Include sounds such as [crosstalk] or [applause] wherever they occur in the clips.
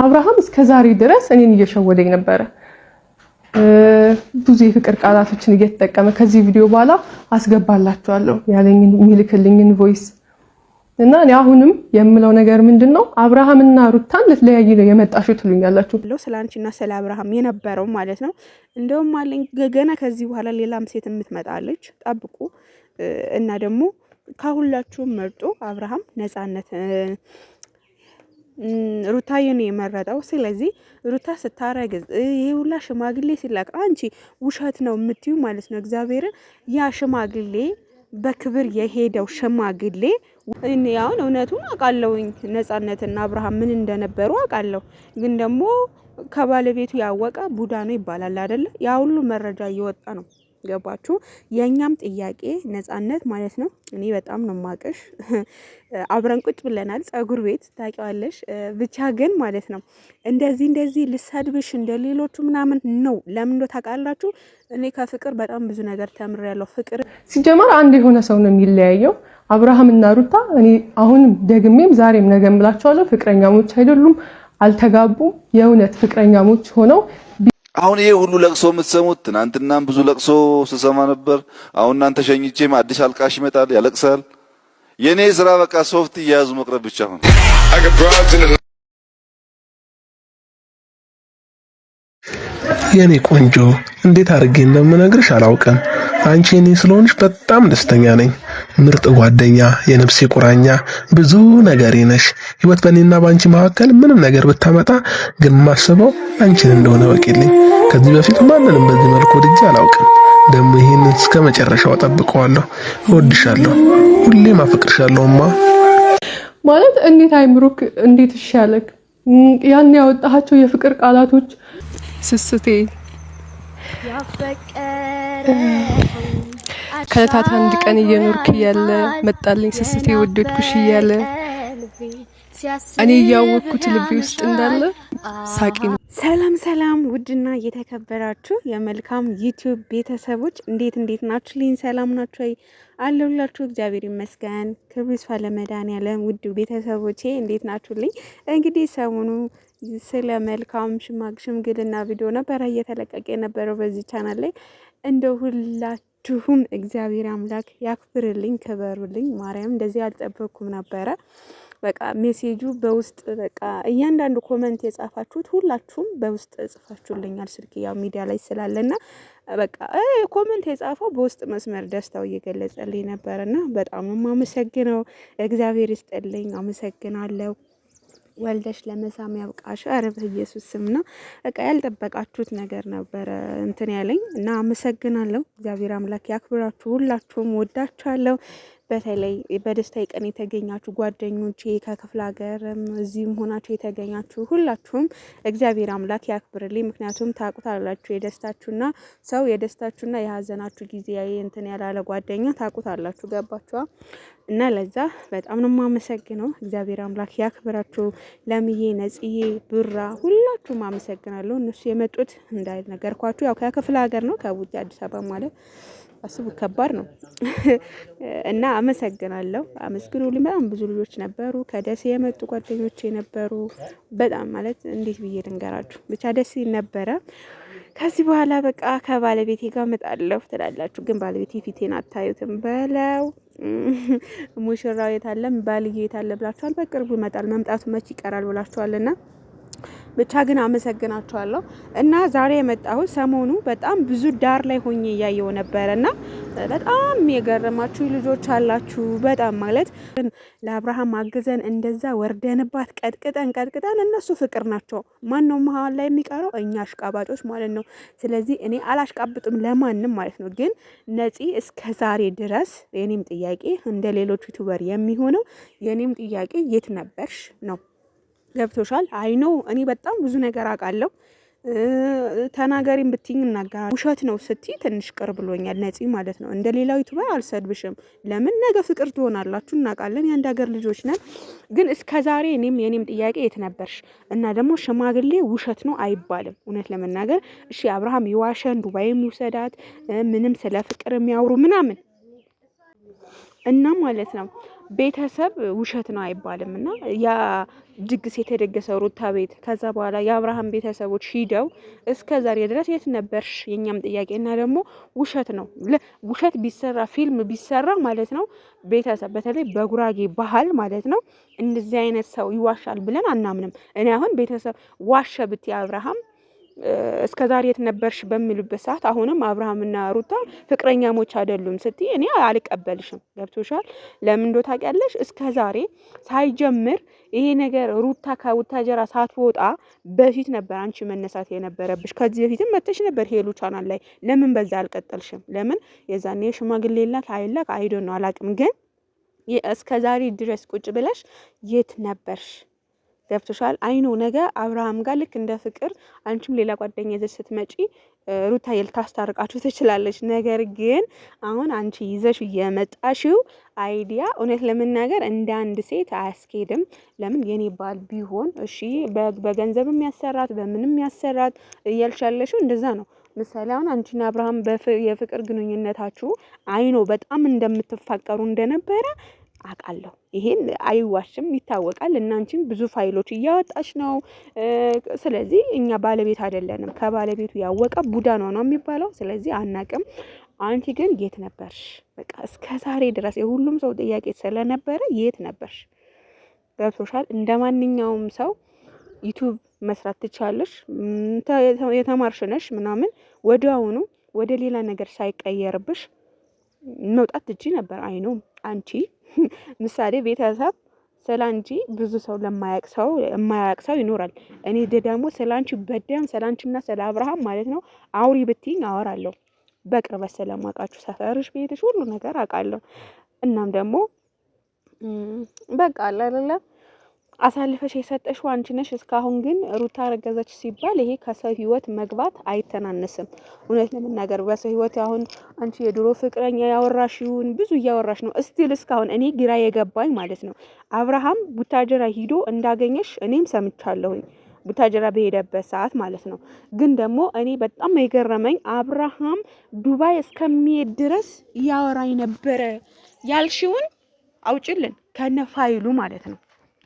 አብርሃም እስከ ዛሬ ድረስ እኔን እየሸወደኝ ነበረ። ብዙ የፍቅር ቃላቶችን እየተጠቀመ ከዚህ ቪዲዮ በኋላ አስገባላችኋለሁ ያለኝን የሚልክልኝን ቮይስ እና እኔ አሁንም የምለው ነገር ምንድን ነው አብርሃምና ሩታን ልትለያይ ነው የመጣሽው ትሉኛላችሁ ብለው ስለ ስለ አብርሃም የነበረው ማለት ነው። እንደውም አለኝ ገና ከዚህ በኋላ ሌላም ሴት የምትመጣለች ጠብቁ እና ደግሞ ከሁላችሁም መርጦ አብርሃም ነፃነት ሩታዬ የመረጠው። ስለዚህ ሩታ ስታረግዝ ይሄ ሁላ ሽማግሌ ሲላክ አንቺ ውሸት ነው የምትዩ ማለት ነው። እግዚአብሔርን ያ ሽማግሌ በክብር የሄደው ሽማግሌ እኔ አሁን እውነቱን አውቃለሁኝ ነጻነትና አብርሃም ምን እንደነበሩ አውቃለሁ። ግን ደግሞ ከባለቤቱ ያወቀ ቡዳ ነው ይባላል አይደለ? ያ ሁሉ መረጃ እየወጣ ነው ገባችሁ? የእኛም ጥያቄ ነጻነት ማለት ነው። እኔ በጣም ነው ማቀሽ። [laughs] አብረን ቁጭ ብለናል፣ ጸጉር ቤት ታውቂዋለሽ። ብቻ ግን ማለት ነው እንደዚህ እንደዚህ ልሰድብሽ እንደ ሌሎቹ ምናምን ነው። ለምን እንደ ታውቃላችሁ፣ እኔ ከፍቅር በጣም ብዙ ነገር ተምሬያለሁ። ፍቅር ሲጀመር አንድ የሆነ ሰው ነው የሚለያየው። አብርሃም እና ሩታ እኔ አሁንም ደግሜም ዛሬም ነገ እምላቸዋለሁ፣ ፍቅረኛሞች አይደሉም፣ አልተጋቡም። የእውነት ፍቅረኛሞች ሆነው አሁን ይሄ ሁሉ ለቅሶ የምትሰሙት ትናንትናም ብዙ ለቅሶ ስሰማ ነበር። አሁን እናንተ ሸኝቼም አዲስ አልቃሽ ይመጣል ያለቅሳል። የኔ ስራ በቃ ሶፍት እያያዙ መቅረብ ብቻ ነው። የኔ ቆንጆ እንዴት አድርጌ እንደምነግርሽ አላውቅም። አንቺ እኔ ስለሆንሽ በጣም ደስተኛ ነኝ። ምርጥ ጓደኛ፣ የነፍሴ ቁራኛ፣ ብዙ ነገሬ ነሽ። ህይወት በእኔና በአንቺ መካከል ምንም ነገር ብታመጣ ግን ማስበው አንቺን እንደሆነ ወቂልኝ። ከዚህ በፊት ማንንም በዚህ መልኩ ወድጄ አላውቅም። ደግሞ ይህን እስከ መጨረሻው ጠብቀዋለሁ። እወድሻለሁ፣ ሁሌም አፈቅርሻለሁማ። ማለት እንዴት አይምሩክ፣ እንዴት ይሻለክ? ያን ያወጣቸው የፍቅር ቃላቶች ስስቴ ከለታት አንድ ቀን እየኖርክ እያለ መጣልኝ ስስቴ ወደድኩሽ እያለ እኔ እያወቅኩት ልቤ ውስጥ እንዳለ ሳቂ ነው። ሰላም ሰላም፣ ውድና እየተከበራችሁ የመልካም ዩቲዩብ ቤተሰቦች እንዴት እንዴት ናችሁ? ልኝ ሰላም ናችሁ ወይ? አለሁላችሁ። እግዚአብሔር ይመስገን። ክብሩ ይስፋ ለመድኃኒዓለም። ውድ ቤተሰቦቼ እንዴት ናችሁልኝ? እንግዲህ ሰሞኑ ስለ መልካም ሽማግሽምግልና ቪዲዮ ነበረ እየተለቀቀ የነበረው በዚህ ቻናል ላይ እንደ ሁላችሁ ሁላችሁም እግዚአብሔር አምላክ ያክብርልኝ፣ ክበሩልኝ። ማርያም እንደዚህ አልጠበኩም ነበረ። በቃ ሜሴጁ በውስጥ በቃ እያንዳንዱ ኮመንት የጻፋችሁት ሁላችሁም በውስጥ ጽፋችሁልኛል። ስልክ ያው ሚዲያ ላይ ስላለና በቃ ኮመንት የጻፈው በውስጥ መስመር ደስታው እየገለጸልኝ ነበርና በጣም የማመሰግነው እግዚአብሔር ይስጠልኝ። አመሰግናለሁ። ወልደሽ ለመሳም ያብቃሽ። ኧረ በኢየሱስ ስም ነው። በቃ ያልጠበቃችሁት ነገር ነበረ እንትን ያለኝ እና አመሰግናለሁ። እግዚአብሔር አምላክ ያክብራችሁ። ሁላችሁም ወዳችኋለሁ። በተለይ በደስታ ቀን የተገኛችሁ ጓደኞቼ ከክፍለ ሀገርም እዚህም ሆናችሁ የተገኛችሁ ሁላችሁም እግዚአብሔር አምላክ ያክብርልኝ። ምክንያቱም ታቁታላችሁ የደስታችሁና ሰው የደስታችሁና የሀዘናችሁ ጊዜ እንትን ያላለ ጓደኛ ታቁታላችሁ። ገባችኋ? እና ለዛ በጣም ነው የማመሰግነው። እግዚአብሔር አምላክ ያክብራችሁ። ለምዬ፣ ነጽዬ፣ ብራ ሁላችሁም አመሰግናለሁ። እነሱ የመጡት እንዳይነገርኳችሁ ያው ከክፍለ ሀገር ነው ከቡቲ አዲስ አበባ ማለት አስቡ፣ ከባድ ነው [laughs] እና አመሰግናለሁ። አመስግኑ። በጣም ብዙ ልጆች ነበሩ፣ ከደሴ የመጡ ጓደኞች የነበሩ በጣም ማለት እንዴት ብዬ ልንገራችሁ፣ ብቻ ደስ ነበረ። ከዚህ በኋላ በቃ ከባለቤቴ ጋር እመጣለሁ ትላላችሁ፣ ግን ባለቤቴ ፊቴን አታዩትም። በለው [laughs] ሙሽራው የታለም ባልዬ የታለ ብላችኋል። በቅርቡ ይመጣል። መምጣቱ መች ይቀራል እና ብቻ ግን አመሰግናችኋለሁ እና ዛሬ የመጣሁት ሰሞኑ በጣም ብዙ ዳር ላይ ሆኜ እያየው ነበረ እና በጣም የገረማችሁ ልጆች አላችሁ። በጣም ማለት ለአብርሃም አግዘን እንደዛ ወርደንባት ቀጥቅጠን ቀጥቅጠን፣ እነሱ ፍቅር ናቸው። ማን ነው መሀል ላይ የሚቀረው? እኛ አሽቃባጮች ማለት ነው። ስለዚህ እኔ አላሽቃብጥም ለማንም ማለት ነው። ግን ነፂ እስከ ዛሬ ድረስ የኔም ጥያቄ እንደ ሌሎች ዩቱበር የሚሆነው የኔም ጥያቄ የት ነበርሽ ነው ገብቶሻል? አይኖ እኔ በጣም ብዙ ነገር አውቃለሁ። ተናገሪም ብትኝ እናገራለሁ። ውሸት ነው ስትይ ትንሽ ቅር ብሎኛል። ነፂ ማለት ነው እንደ ሌላው ዩቱበር አልሰድብሽም። ለምን ነገ ፍቅር ትሆናላችሁ እናውቃለን። የአንድ ሀገር ልጆች ነን። ግን እስከ ዛሬ እኔም የእኔም ጥያቄ የት ነበርሽ? እና ደግሞ ሽማግሌ ውሸት ነው አይባልም። እውነት ለመናገር እሺ፣ አብርሃም ይዋሸን፣ ዱባይም ይውሰዳት፣ ምንም ስለ ፍቅር የሚያወሩ ምናምን እና ማለት ነው ቤተሰብ ውሸት ነው አይባልም እና ያ ድግስ የተደገሰው ሩታ ቤት ከዛ በኋላ የአብርሃም ቤተሰቦች ሂደው እስከ ዛሬ ድረስ የት ነበርሽ? የእኛም ጥያቄ እና ደግሞ ውሸት ነው። ውሸት ቢሰራ ፊልም ቢሰራ ማለት ነው ቤተሰብ በተለይ በጉራጌ ባህል ማለት ነው እንደዚህ አይነት ሰው ይዋሻል ብለን አናምንም። እኔ አሁን ቤተሰብ ዋሸ ብት የአብርሃም እስከ ዛሬ የት ነበርሽ በሚሉበት ሰዓት አሁንም አብርሃምና ሩታ ፍቅረኛሞች አይደሉም ስትይ እኔ አልቀበልሽም። ገብቶሻል? ለምን ዶ ታውቂያለሽ? እስከ ዛሬ ሳይጀምር ይሄ ነገር ሩታ ከቡታጀራ ሳትወጣ በፊት ነበር አንቺ መነሳት የነበረብሽ። ከዚህ በፊትም መጥተሽ ነበር ሄሉ ቻናል ላይ። ለምን በዛ አልቀጠልሽም? ለምን የዛኔ ሽማግሌ ላክ አይላክ አይዶ ነው አላቅም፣ ግን እስከ ዛሬ ድረስ ቁጭ ብለሽ የት ነበርሽ? ገብቶሻል። አይኖ ነገ አብርሃም ጋር ልክ እንደ ፍቅር አንቺም ሌላ ጓደኛ ይዘሽ ስትመጪ ሩታ ልታስታርቃችሁ ትችላለች። ነገር ግን አሁን አንቺ ይዘሽ የመጣሽው አይዲያ እውነት ለመናገር እንደ አንድ ሴት አያስኬድም። ለምን የኔ ባል ቢሆን እሺ፣ በገንዘብም ያሰራት በምንም ያሰራት እያልሻለሽው እንደዛ ነው። ምሳሌ አሁን አንቺና አብርሃም የፍቅር ግንኙነታችሁ አይኖ በጣም እንደምትፋቀሩ እንደነበረ አውቃለሁ። ይሄን አይዋሽም፣ ይታወቃል። እናንቺም ብዙ ፋይሎች እያወጣች ነው። ስለዚህ እኛ ባለቤት አይደለንም። ከባለቤቱ ያወቀ ቡዳ ነው ነው የሚባለው። ስለዚህ አናቅም። አንቺ ግን የት ነበርሽ? በቃ እስከ ዛሬ ድረስ የሁሉም ሰው ጥያቄ ስለነበረ የት ነበርሽ? ገብቶሻል። እንደ ማንኛውም ሰው ዩቱብ መስራት ትቻለሽ፣ የተማርሽ ነሽ ምናምን ወዲያውኑ ወደ ሌላ ነገር ሳይቀየርብሽ መውጣት ትችይ ነበር። አይኖ አንቺ ምሳሌ ቤተሰብ ስለ አንቺ ብዙ ሰው ለማያቅ ሰው የማያቅ ሰው ይኖራል። እኔ ደግሞ ስለ አንቺ በደም ስለ አንቺና ስለ አብርሃም ማለት ነው አውሪ ብትኝ አወራለሁ። በቅርበት ስለማውቃችሁ ሰፈርሽ፣ ቤትሽ፣ ሁሉ ነገር አውቃለሁ። እናም ደግሞ በቃ አለ አይደለም አሳልፈሽ የሰጠሽው አንቺ ነሽ። እስካሁን ግን ሩታ ረገዘች ሲባል ይሄ ከሰው ህይወት መግባት አይተናነስም። እውነት ለመናገር በሰው ህይወት አሁን አንቺ የድሮ ፍቅረኛ ያወራሽውን ብዙ እያወራሽ ነው እስቲል እስካሁን እኔ ግራ የገባኝ ማለት ነው። አብርሃም ቡታጀራ ሂዶ እንዳገኘሽ እኔም ሰምቻለሁኝ ቡታጀራ በሄደበት ሰዓት ማለት ነው። ግን ደግሞ እኔ በጣም የገረመኝ አብርሃም ዱባይ እስከሚሄድ ድረስ እያወራኝ ነበረ ያልሽውን አውጭልን ከነ ፋይሉ ማለት ነው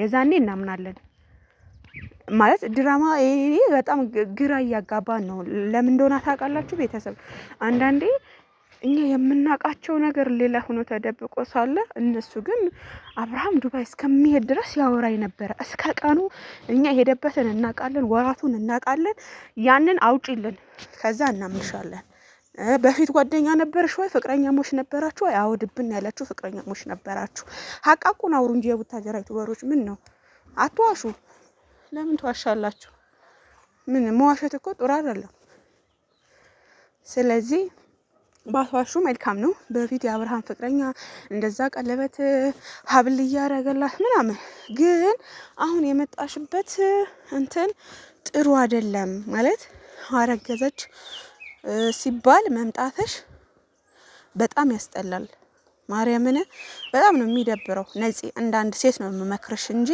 የዛኔ እናምናለን። ማለት ድራማ ይሄ በጣም ግራ እያጋባን ነው። ለምን እንደሆነ ታውቃላችሁ? ቤተሰብ አንዳንዴ እኛ የምናውቃቸው ነገር ሌላ ሆኖ ተደብቆ ሳለ እነሱ ግን አብርሃም ዱባይ እስከሚሄድ ድረስ ያወራኝ ነበረ። እስከ ቀኑ እኛ ሄደበትን እናውቃለን፣ ወራቱን እናውቃለን። ያንን አውጪልን፣ ከዛ እናምንሻለን። በፊት ጓደኛ ነበርሽ ወይ? ፍቅረኛሞች ነበራችሁ ወይ? አዎ ድብን ያላችሁ ሞሽ ነበራችሁ። ሀቃቁን አውሩ እንጂ የቡታጀራ ዩቱበሮች ምን ነው አትዋሹ። ለምን ትዋሻላችሁ? ምን መዋሸት እኮ ጥሩ አይደለም። ስለዚህ ባትዋሹ መልካም ነው። በፊት የአብርሃም ፍቅረኛ እንደዛ ቀለበት ሀብል እያደረገላት ምናምን፣ ግን አሁን የመጣሽበት እንትን ጥሩ አይደለም ማለት አረገዘች ሲባል መምጣትሽ በጣም ያስጠላል። ማርያምን በጣም ነው የሚደብረው። ነፂ እንደ አንድ ሴት ነው የምመክርሽ እንጂ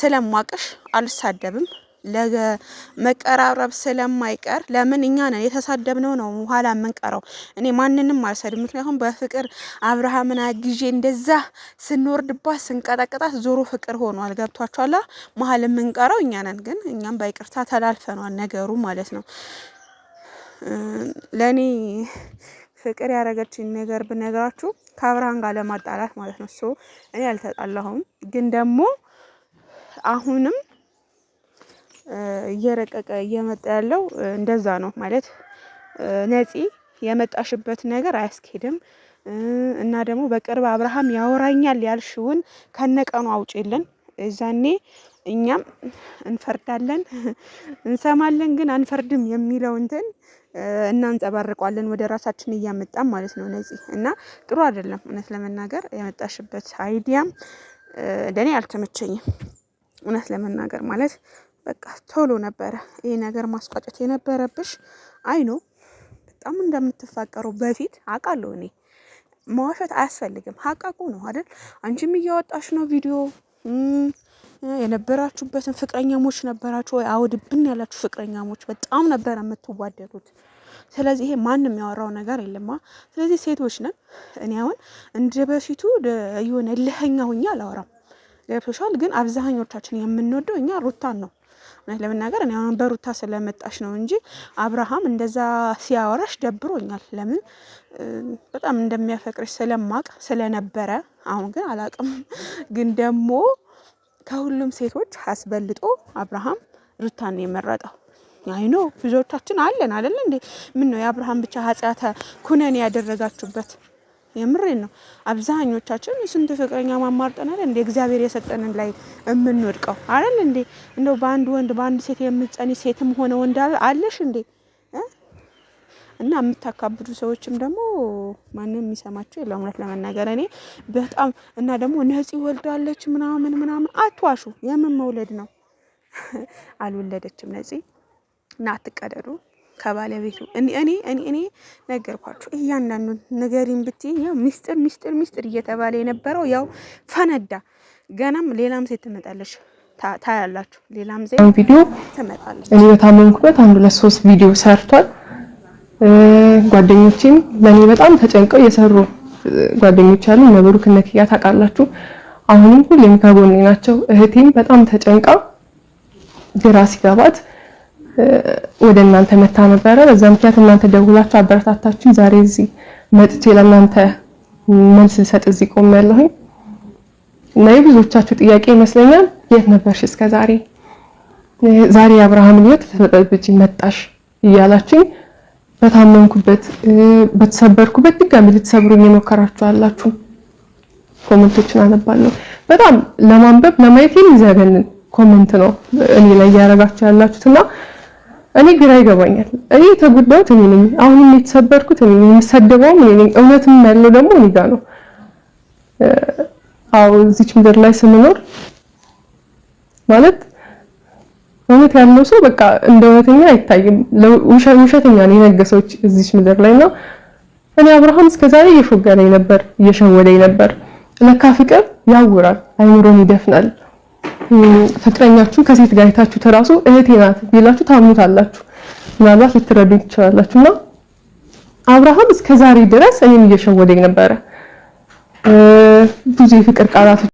ስለማቅሽ አልሳደብም። ለመቀራረብ ስለማይቀር ለምን እኛ ነን የተሳደብነው ነው ኋላ የምንቀረው። እኔ ማንንም አልሰድም፣ ምክንያቱም በፍቅር አብርሃምን አግዤ እንደዛ ስንወርድባት ስንቀጠቅጣት ዞሮ ፍቅር ሆኗል። ገብቷችኋላ? መሀል የምንቀረው እኛ ነን። ግን እኛም በይቅርታ ተላልፈኗል ነገሩ ማለት ነው። ለእኔ ፍቅር ያደረገችኝ ነገር ብነግራችሁ ከአብርሃን ጋር ለማጣላት ማለት ነው። ሶ እኔ አልተጣላሁም፣ ግን ደግሞ አሁንም እየረቀቀ እየመጣ ያለው እንደዛ ነው ማለት ነፂ የመጣሽበት ነገር አያስኬድም እና ደግሞ በቅርብ አብርሃም ያወራኛል ያልሽውን ከነቀኑ አውጪልን። እዛኔ እኛም እንፈርዳለን እንሰማለን፣ ግን አንፈርድም የሚለው እንትን እናንጸባርቋለን ወደ ራሳችን እያመጣን ማለት ነው። ነዚህ እና ጥሩ አይደለም። እውነት ለመናገር የመጣሽበት አይዲያም ለእኔ አልተመቸኝም። እውነት ለመናገር ማለት በቃ ቶሎ ነበረ ይህ ነገር ማስቋጨት የነበረብሽ። አይ ነው በጣም እንደምትፋቀሩ በፊት አውቃለሁ እኔ። መዋሸት አያስፈልግም። ሀቃቁ ነው አይደል? አንቺም እያወጣሽ ነው ቪዲዮ የነበራችሁበትን ፍቅረኛሞች ነበራችሁ ወይ? አውድብን ያላችሁ ፍቅረኛሞች በጣም ነበር የምትዋደዱት። ስለዚህ ይሄ ማንም ያወራው ነገር የለማ። ስለዚህ ሴቶች ነን። እኔ አሁን እንደ በፊቱ የሆነ እልኸኛ ሁኛ አላወራም። ገብቶሻል። ግን አብዛኞቻችን የምንወደው እኛ ሩታን ነው። እውነት ለመናገር እኔ አሁን በሩታ ስለመጣሽ ነው እንጂ አብርሃም እንደዛ ሲያወራሽ ደብሮኛል። ለምን በጣም እንደሚያፈቅርሽ ስለማቅ ስለነበረ፣ አሁን ግን አላቅም። ግን ደግሞ ከሁሉም ሴቶች አስበልጦ አብርሃም ሩታን የመረጠው አይኖ ብዙዎቻችን አለን አይደለ እንዴ? ምን ነው የአብርሃም ብቻ ኃጢአተ ኩነኔ ያደረጋችሁበት የምሬን ነው። አብዛኞቻችን ስንት ፍቅረኛ ማማርጠናል እንደ እግዚአብሔር የሰጠንን ላይ የምንወድቀው አይደል እንዴ? እንደው በአንድ ወንድ በአንድ ሴት የምትጸኒ ሴትም ሆነ ወንድ አለሽ እንዴ? እና የምታካብዱ ሰዎችም ደግሞ ማንም የሚሰማቸው የለ። እውነት ለመናገር እኔ በጣም እና ደግሞ ነፂ ወልዳለች ምናምን ምናምን አትዋሹ። የምን መውለድ ነው? [laughs] አልወለደችም ነጽ እና አትቀደዱ። ከባለቤቱ እኔ እኔ እኔ እኔ ነገርኳችሁ። እያንዳንዱ ነገሪን ብትይኝ ያው ሚስጥር ሚስጥር ሚስጥር እየተባለ የነበረው ያው ፈነዳ። ገናም ሌላም ሴት ትመጣለች፣ ታያላችሁ። ሌላም ሴት ቪዲዮ ትመጣለች። እኔ በታመምኩበት አንድ ሁለት ሶስት ቪዲዮ ሰርቷል። ጓደኞቼም ለእኔ በጣም ተጨንቀው የሰሩ ጓደኞች አሉ። ነብሩክ ነክያ ታውቃላችሁ። አሁንም ሁሌም ከጎኔ ናቸው። እህቴም በጣም ተጨንቃ ግራ ሲገባት ወደ እናንተ መታ ነበረ። በዛ ምክንያት እናንተ ደውላችሁ አበረታታችሁ። ዛሬ እዚህ መጥቼ ለእናንተ መልስ ልሰጥ እዚህ ቆሜያለሁኝ እና የብዙዎቻችሁ ጥያቄ ይመስለኛል የት ነበርሽ እስከ ዛሬ ዛሬ የአብርሃምን ሕይወት ልትበጠብጪ መጣሽ እያላችሁኝ በታመምኩበት በተሰበርኩበት ድጋሚ ልትሰብሩኝ የሞከራችሁ አላችሁ። ኮመንቶችን አነባለሁ። በጣም ለማንበብ ለማየት የሚዘገንን ኮመንት ነው እኔ ላይ እያደረጋችሁ ያላችሁትና እኔ ግራ ይገባኛል። እኔ የተጎዳሁት እኔ ነኝ። አሁንም የተሰበርኩት እኔ ነኝ። የምሰደበውም እኔ ነኝ። እውነትም ያለው ደግሞ እኔ ጋር ነው። አዎ እዚች ምድር ላይ ስንኖር ማለት እውነት ያለው ሰው በቃ እንደ እውነተኛ አይታይም። ውሸተኛ ነው የነገሰው እዚች ምድር ላይ ነው። እኔ አብርሃም እስከዛሬ እየሾገረኝ ነበር፣ እየሸወደኝ ነበር። ለካ ፍቅር ያውራል፣ አይምሮን ይደፍናል። ፍቅረኛችሁ ከሴት ጋር የታችሁት እራሱ እህቴ ናት ቢላችሁ ታምኑታላችሁ። ምናልባት ልትረዱ ትችላላችሁ። እና አብርሃም እስከ ዛሬ ድረስ እኔም እየሸወደኝ ነበረ ብዙ የፍቅር ቃላት